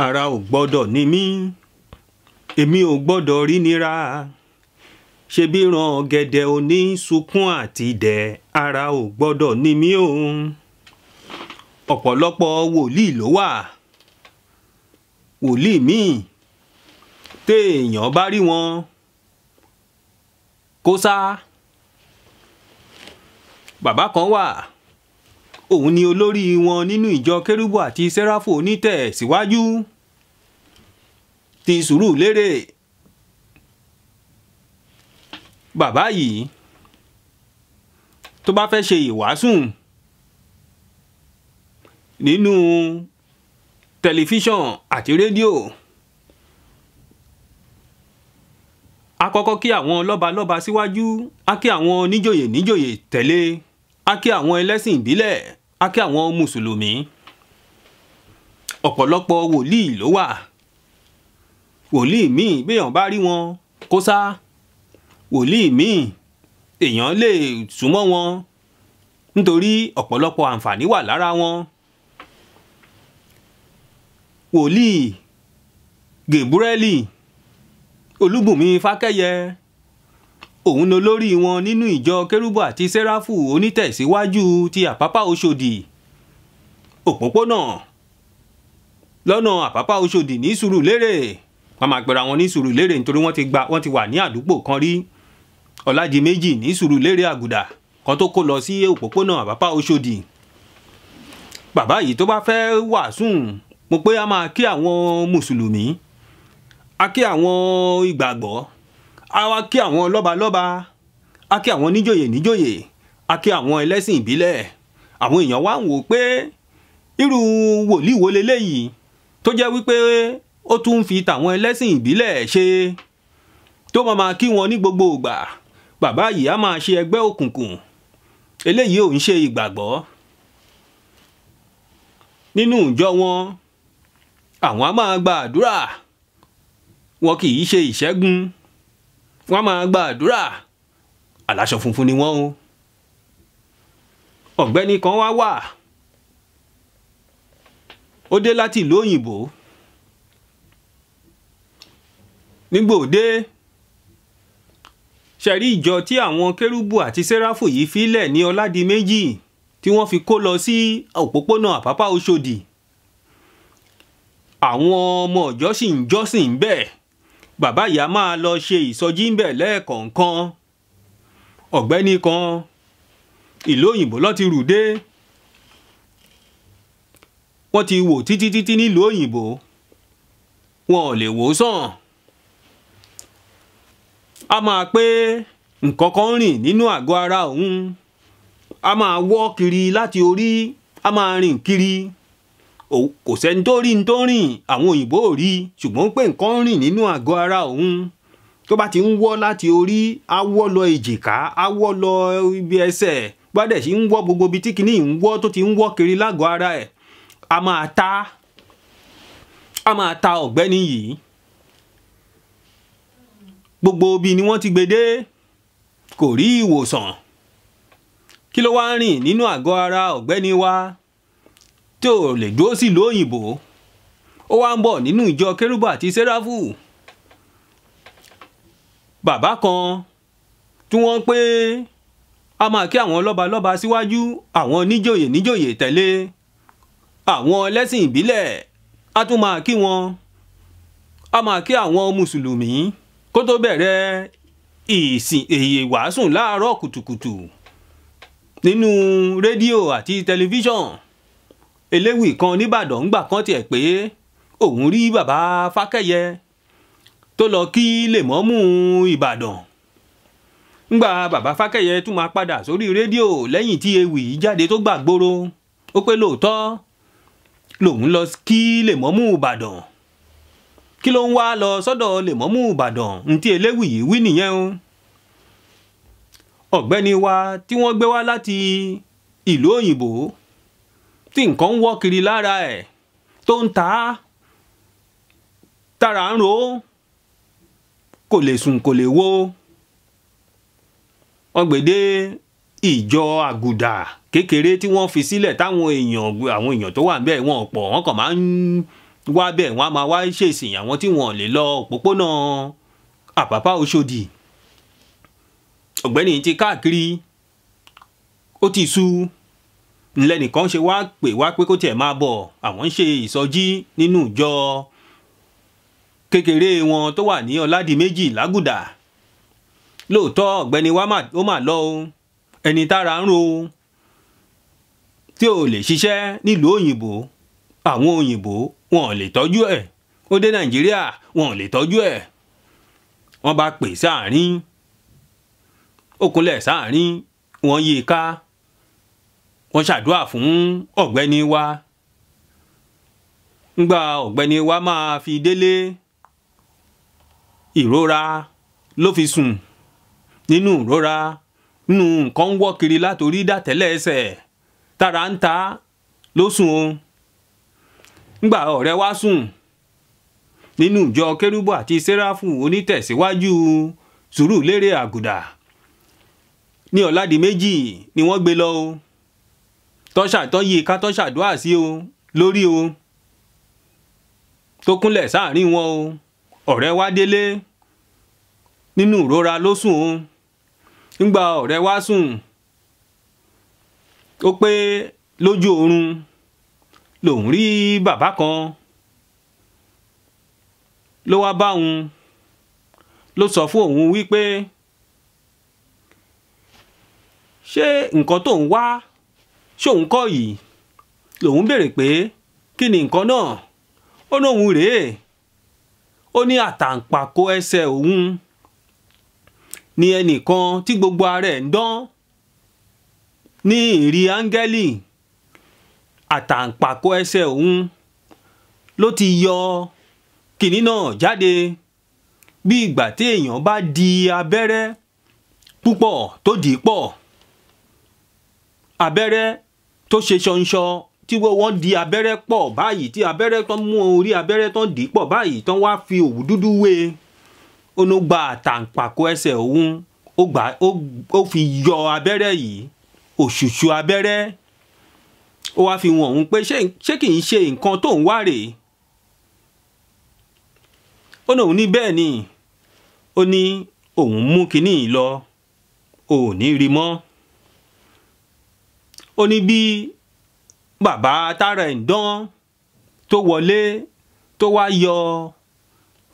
ara ò gbọ́dọ̀ ní mí èmi ò gbọ́dọ̀ rí nira ṣebí ran ọ̀gẹ̀dẹ̀ òní sunkún àti dẹ̀ ara ò gbọ́dọ̀ ní mí o ọ̀pọ̀lọpọ̀ wòlíì ló wà wòlíì míì téèyàn bá rí wọn kó sá bàbá kan wà òun ni olórí wọn nínú ìjọ kérúbù àti sẹ́ráfù onítẹ̀síwájú ti sùúrù lérè bàbá yìí tó bá fẹ́ ṣe ìwàásùn nínú tẹlifíṣàn àti rédíò a kọ́kọ́ kí àwọn lọ́balọ́ba síwájú a kí àwọn níjòyè níjòyè tẹ̀lé a kí àwọn ẹlẹ́sìn ìbílẹ̀ a kí àwọn mùsùlùmí ọ̀pọ̀lọpọ̀ wòlíì ló wà wòlíì míì béèyàn bá rí wọn kó sá wòlíì míì èèyàn lè súnmọ́ wọn nítorí ọ̀pọ̀lọpọ̀ àǹfààní wà lára wọn wòlíì gèbúrẹ́lì olúbùnmi fákẹ́yẹ òun ni olórí wọn nínú ìjọ kérúbù àti sẹ́ráfù onítẹ̀síwájú ti àpápá Òṣòdì òpópónà lọ́nà àpápá Òṣòdì ní Sùúrùlérè wọ́n máa gbéra wọn ní Sùúrùlérè nítorí wọ́n ti gba wọ́n ti wà ní àdúgbò kan rí Ọlájìméjì ní Sùúrùlérè Àgùdà kan tó kó lọ sí òpópónà àpápá Òṣòdì bàbá yìí tó bá fẹ́ wàásùn mo pé a máa kí àwọn mùsùlùmí a kí àwọn ìgbàgbọ́ a wá kí àwọn lọ́balọ́ba a kí àwọn níjòyè níjòyè a kí àwọn ẹlẹ́sìn ìbílẹ̀ àwọn èèyàn wá ń wò pé irú wòlíì wo leléyìí tó jẹ́ wípé ó tún ń fi tàwọn ẹlẹ́sìn ìbílẹ̀ ṣe tó máa máa kí wọn ní gbogbo ìgbà bàbá yìí á máa ṣe ẹgbẹ́ òkùnkùn eléyìí ò ń ṣe ìgbàgbọ́ nínú ìjọ wọn àwọn á máa gba àdúrà wọn kì í ṣe ìṣẹ́gun wọ́n máa gba àdúrà aláṣọ funfun ni wọ́n o ọ̀gbẹ́ni kan wá wà ó dé láti ìlú òyìnbó nígbà òde ṣẹ̀rí ìjọ tí àwọn kérúbù àti sẹ́ráfù yìí fílẹ̀ ní ọ̀làdìmẹ́jì tí wọ́n fi kó lọ sí òpópónà àpápá Òṣòdì àwọn ọmọ ọ̀jọ́sìn jọ́sìn bẹ́ẹ̀ bàbá ìyá máa lọ ṣe ìsọjí ń bẹ̀ lẹ́ẹ̀kọ̀ọ̀kan ọ̀gbẹ́ni kan ìlú òyìnbó lọ́n ti rù dé wọ́n ti wò títí títí nílùú òyìnbó wọn ò lè wò sàn a máa pé nǹkan kan rìn nínú àgọ́ ara òun a máa wọ́ kiri láti orí a máa rìn kiri kò sẹ́ni tó rí ní tó rìn àwọn òyìnbó ò rí ṣùgbọ́n pé nǹkan ń rìn nínú àgọ́ ara òun tó bá ti ń wọ́ láti orí á wọ́ lọ èjìká á wọ́ lọ ibi ẹsẹ̀ gbọ́dẹ̀ sí ń wọ́ gbogbo ibi tí kìíní ń wọ́ tó ti ń wọ́ kiri lágọ̀ọ́ ara ẹ̀ a máa ta a máa ta ọ̀gbẹ́ni yìí gbogbo ibi ni wọ́n ti gbé dé kò rí ìwòsàn kí ló wá ń rìn nínú àgọ́ ara ọ̀gbẹ́ni wa tí ò lè dúró sí ìlú òyìnbó ó wá ń bọ̀ nínú ìjọ kérúbù àti sẹ́ráfù bàbá kan tí wọ́n pé a máa kí àwọn lọ́balọ́ba síwájú àwọn níjòyè níjòyè tẹ̀lé àwọn ẹlẹ́sìn ìbílẹ̀ a tún máa kí wọn a máa kí àwọn mùsùlùmí kó tó bẹ̀rẹ̀ ìsìn èyí wàásùn láàárọ̀ kùtùkùtù nínú rédíò àti tẹlifíṣàn eléwì kan oníbàdàn ń gbà kan tiẹ̀ pé òun rí bàbá fákẹ́yẹ tó lọ kí lèmọ́mù ìbàdàn ńgbà bàbá fákẹ́yẹ tún máa padà sórí rédíò lẹ́yìn tí ewì jáde tó gbàgbóró ó pé lóòótọ́ lòun lọ kí lèmọ́mù ìbàdàn kí ló ń wá lọ sọ́dọ̀ lèmọ́mù ìbàdàn ntí eléwì wí nìyẹn o ọ̀gbẹ́ni wa tí wọ́n gbé wá láti ìlú òyìnbó tí nǹkan ń wọ́ kiri lára ẹ̀ tó ń ta á tára ń ro kò lè sùn kò lè wo wọ́n gbèdé ìjọ àgùdà kékeré tí wọ́n fi sílẹ̀ táwọn èèyàn àwọn èèyàn tó wà níbẹ̀ wọn pọ̀ wọ́n kàn máa ń wá bẹ́ẹ̀ wọ́n á máa wá ṣèsìn àwọn tí wọ́n lè lọ òpópónà àpápá Òṣòdì ọ̀gbẹ́ni ti káàkiri ó ti sú lẹ́nìkan ṣe wá pè wá pé kó tiẹ̀ máa bọ̀ àwọn ń ṣe ìsọjí nínú ìjọ kékeré wọn tó wà ní ọ̀làdìmẹ́jì lágùdà lóòótọ́ ọ̀gbẹ́ni wa ó mà lọ o ẹni tára ń ro tí ò lè ṣiṣẹ́ nílùú òyìnbó àwọn òyìnbó wọn ò lè tọ́jú ẹ̀ ó dé nàìjíríà wọn ò lè tọ́jú ẹ̀ wọ́n bá pè sáàrin ó kúnlẹ̀ sáàrin wọ́n yí i ká wọ́n ṣàdúrà fún ọ̀gbẹ́ni wa ńgbà ọ̀gbẹ́ni wa máa fi délé ìrora ló fi sùn nínú ìrora nínú nǹkan ń wọ́ kiri látòrí dàtẹ́lẹ̀ ẹsẹ̀ tára ń ta ló sùn o ńgbà ọ̀rẹ́ wa sùn nínú ìjọ kérúbù àti sẹ́ráfù onítẹ̀síwájú sùúrù lérè àgùdà ní ọ̀làdìmẹ́jì ni wọ́n gbé lọ o tọ́ṣàtọ́ yìí ká tọ́ṣàdúrà sí o lórí o tó kúnlẹ̀ sáàrin wọn o ọ̀rẹ́ wa délé nínú ìrora ló sùn o ńgbà ọ̀rẹ́ wa sùn ó pé lójú oorun lòun rí bàbá kan ló wá bá òun ló sọ fún òun wípé ṣé nǹkan tó ń wá ṣòun kọ́ yìí lòun béèrè pé kí ni nǹkan náà ó lóun rèé ó ní àtàǹpàkò ẹsẹ̀ òun ni ẹnìkan tí gbogbo ara ẹ̀ ń dán ní ìrí áńgẹ́lì àtàǹpàkò ẹsẹ̀ òun ló ti yọ kìnní náà jáde bí ìgbà tí èèyàn bá di abẹ́rẹ́ púpọ̀ tó dì í pọ̀ abẹ́rẹ́ tó ṣe ṣanṣan tí wọ́n di abẹ́rẹ́ pọ̀ báyìí tí abẹ́rẹ́ tán mú orí abẹ́rẹ́ tán dì í pọ̀ báyìí tán wá fi òwú dúdú wé e ó ló gba àtàǹpàkò ẹsẹ̀ òun ó gbà ó fi yọ abẹ́rẹ́ yìí òṣùṣù abẹ́rẹ́ ó wá fi wọ̀n òun pé ṣé kì í ṣe nǹkan tó ń wá rèé ó lóun ní bẹ́ẹ̀ ni ó ní òun mú kinní lọ òun ní rí mọ́ ó ní bí bàbá tára ẹ̀ ń dán tó wọlé tó wá yọ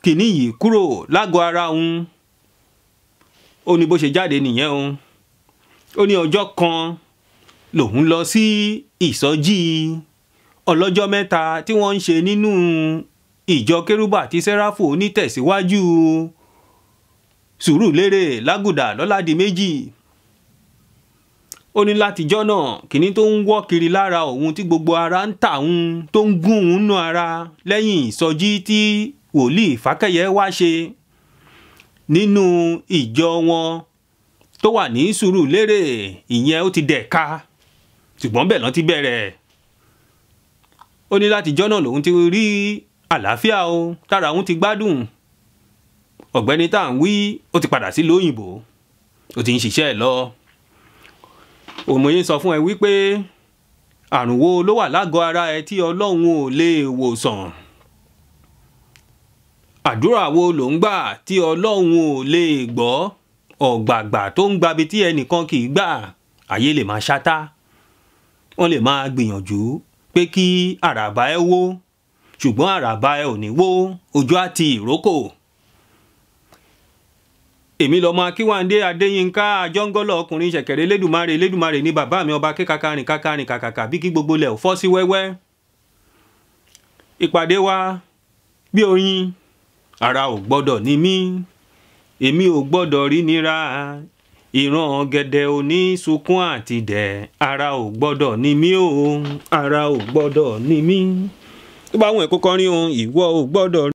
kìíní yìí kúrò lágọ̀ọ́ ara òun ó ní bó ṣe jáde nìyẹn o ó ní ọjọ́ kan lòun lọ sí ìsọjí ọlọ́jọ́ mẹ́ta tí wọ́n ń ṣe nínú ìjọ kérúbà tí sẹ́ráfù onítẹ̀síwájú sùúrù lérè lágùdà lọ́ládìméjì. La ó ní látijọ́ náà kìíní tó ń wọ́ kiri lára òun tí gbogbo ara ń tà òun tó ń gún òun nù ara lẹ́yìn ìsọjí tí wòlíì fákẹ́yẹ wá ṣe nínú ìjọ wọn tó wà ní Sùúrùlérè ìyẹn ó ti dẹ̀ka ṣùgbọ́n bẹ́ẹ̀ lọ́n ti bẹ̀rẹ̀ ó ní látijọ́ náà lòun ti rí àlàáfíà o tára òun ti gbádùn ọ̀gbẹ́ni tá à ń wí ó ti padà sí lóyìnbó ó ti ń ṣiṣẹ́ lọ òmùyín sọ fún ẹ wípé àrùn wo ló wà lágọ̀ọ́ ara ẹ tí ọlọ́run ò lè wò sàn àdúrà wo ló ń gbà tí ọlọ́run ò lè gbọ́ ọ̀gbàgbà tó ń gbabi tí ẹnìkan kì í gbà ayé lè máa ṣátá wọ́n lè máa gbìyànjú pé kí àràbà ẹ wó ṣùgbọ́n àràbà ẹ ò ní wó ojú àti ìrókò èmi lọmọ akínwándé adéyínká àjọngọlọ ọkùnrin ṣẹ̀kẹ̀rẹ̀ elédùmarè elédùmarè ní bàbá mi ọba kíkàkàrìn kàkàrìn kàkàkà bí kí gbogbo lẹ̀ ò fọ́ sí wẹ́wẹ́ ìpàdé wa bí oyin ara ò gbọ́dọ̀ ní mí èmi ò gbọ́dọ̀ rí nira ìran ọ̀gẹ̀dẹ̀ òní sunkún àti dẹ̀ ara ò gbọ́dọ̀ ní mí o ara ò gbọ́dọ̀ ní mí tó bá wọn ẹ̀kọ́ kọrin ohun ìwọ ò gbọ́dọ̀.